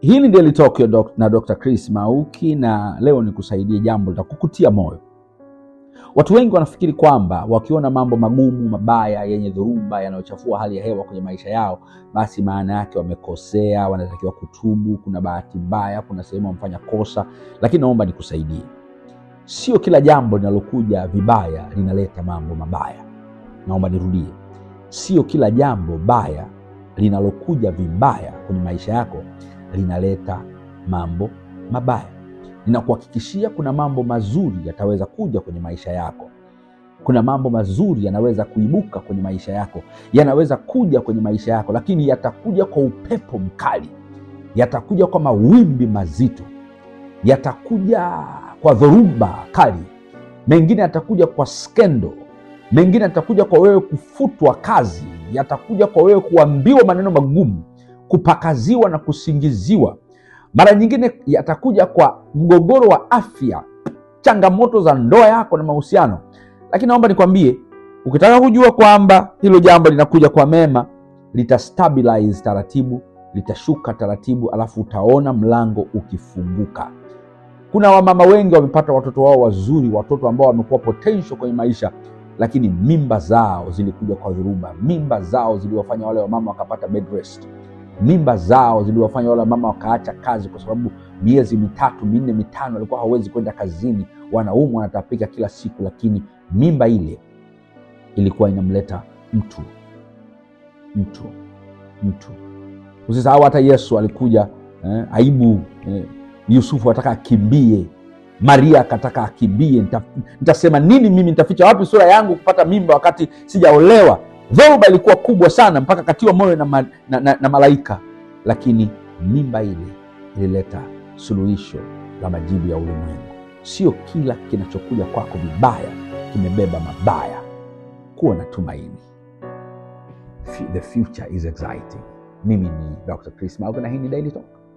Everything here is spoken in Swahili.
hili ndio Daily na Dr. Chris Mauki, na leo nikusaidie jambo la kukutia moyo. Watu wengi wanafikiri kwamba wakiona mambo magumu, mabaya, yenye dhoruba, yanayochafua hali ya hewa kwenye maisha yao, basi maana yake wamekosea, wanatakiwa kutubu, kuna bahati mbaya, kuna sehemu wamefanya kosa. Lakini naomba nikusaidie, sio kila jambo linalokuja vibaya linaleta mambo mabaya. Naomba nirudie, sio kila jambo baya linalokuja vibaya kwenye maisha yako linaleta mambo mabaya. Ninakuhakikishia kuna mambo mazuri yataweza kuja kwenye maisha yako. Kuna mambo mazuri yanaweza kuibuka kwenye maisha yako, yanaweza kuja kwenye maisha yako, lakini yatakuja kwa upepo mkali, yatakuja kwa mawimbi mazito, yatakuja kwa dhoruba kali, mengine yatakuja kwa skendo, mengine yatakuja kwa wewe kufutwa kazi, yatakuja kwa wewe kuambiwa maneno magumu kupakaziwa na kusingiziwa. Mara nyingine yatakuja kwa mgogoro wa afya, changamoto za ndoa yako na mahusiano. Lakini naomba nikwambie, ukitaka kujua kwamba hilo jambo linakuja kwa mema, litastabilize taratibu, litashuka taratibu, alafu utaona mlango ukifunguka. Kuna wamama wengi wamepata watoto wao wazuri, watoto ambao wamekuwa potential kwenye maisha, lakini mimba zao zilikuja kwa dhuruba, mimba zao ziliwafanya wale wamama wakapata bed rest mimba zao ziliwafanya wala mama wakaacha kazi, kwa sababu miezi mitatu minne mitano walikuwa hawezi kwenda kazini, wanaumwa, wanatapika kila siku, lakini mimba ile ilikuwa inamleta mtu mtu mtu. Usisahau hata Yesu alikuja eh, aibu eh, Yusufu anataka akimbie, Maria akataka akimbie. Nitasema nini mimi? Nitaficha wapi sura yangu kupata mimba wakati sijaolewa? Dhoruba ilikuwa kubwa sana mpaka katiwa moyo na, ma, na, na, na malaika, lakini mimba ile ilileta suluhisho la majibu ya ulimwengu. Sio kila kinachokuja kwako vibaya kimebeba mabaya. Kuwa na tumaini. The future is exciting. Mimi ni Dr. Chris na hii ni Daily Talk.